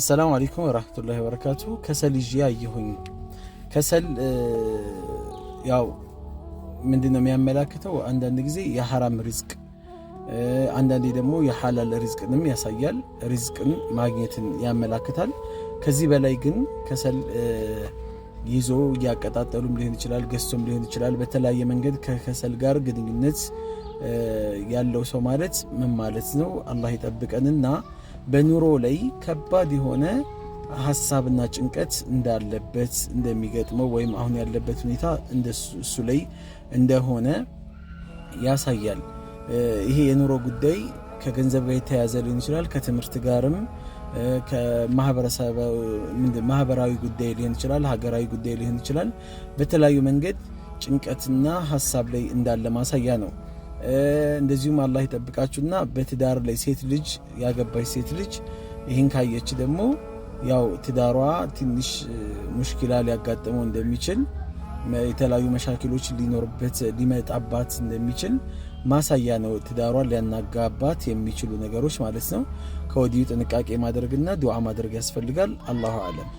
አሰላሙ አለይኩም ወራህመቱላሂ ወበረካቱ። ከሰል ይዤ አየሁኝ። ከሰል ያው ምንድን ነው የሚያመላክተው? አንዳንድ ጊዜ የሐራም ሪዝቅ፣ አንዳንዴ ደግሞ የሐላል ሪዝቅንም ያሳያል። ሪዝቅን ማግኘትን ያመላክታል። ከዚህ በላይ ግን ከሰል ይዞ እያቀጣጠሉም ሊሆን ይችላል፣ ገዝቶም ሊሆን ይችላል። በተለያየ መንገድ ከከሰል ጋር ግንኙነት ያለው ሰው ማለት ምን ማለት ነው? አላህ ይጠብቀንና በኑሮ ላይ ከባድ የሆነ ሀሳብና ጭንቀት እንዳለበት እንደሚገጥመው ወይም አሁን ያለበት ሁኔታ እሱ ላይ እንደሆነ ያሳያል። ይሄ የኑሮ ጉዳይ ከገንዘብ ጋር የተያያዘ ሊሆን ይችላል። ከትምህርት ጋርም ማህበራዊ ጉዳይ ሊሆን ይችላል። ሀገራዊ ጉዳይ ሊሆን ይችላል። በተለያዩ መንገድ ጭንቀትና ሀሳብ ላይ እንዳለ ማሳያ ነው። እንደዚሁም አላህ ይጠብቃችሁና በትዳር ላይ ሴት ልጅ ያገባች ሴት ልጅ ይህን ካየች ደግሞ ያው ትዳሯ ትንሽ ሙሽኪላ ሊያጋጥመው እንደሚችል የተለያዩ መሻኪሎች ሊኖርበት ሊመጣባት እንደሚችል ማሳያ ነው። ትዳሯን ሊያናጋባት የሚችሉ ነገሮች ማለት ነው። ከወዲሁ ጥንቃቄ ማድረግና ዱዓ ማድረግ ያስፈልጋል። አላሁ አለም።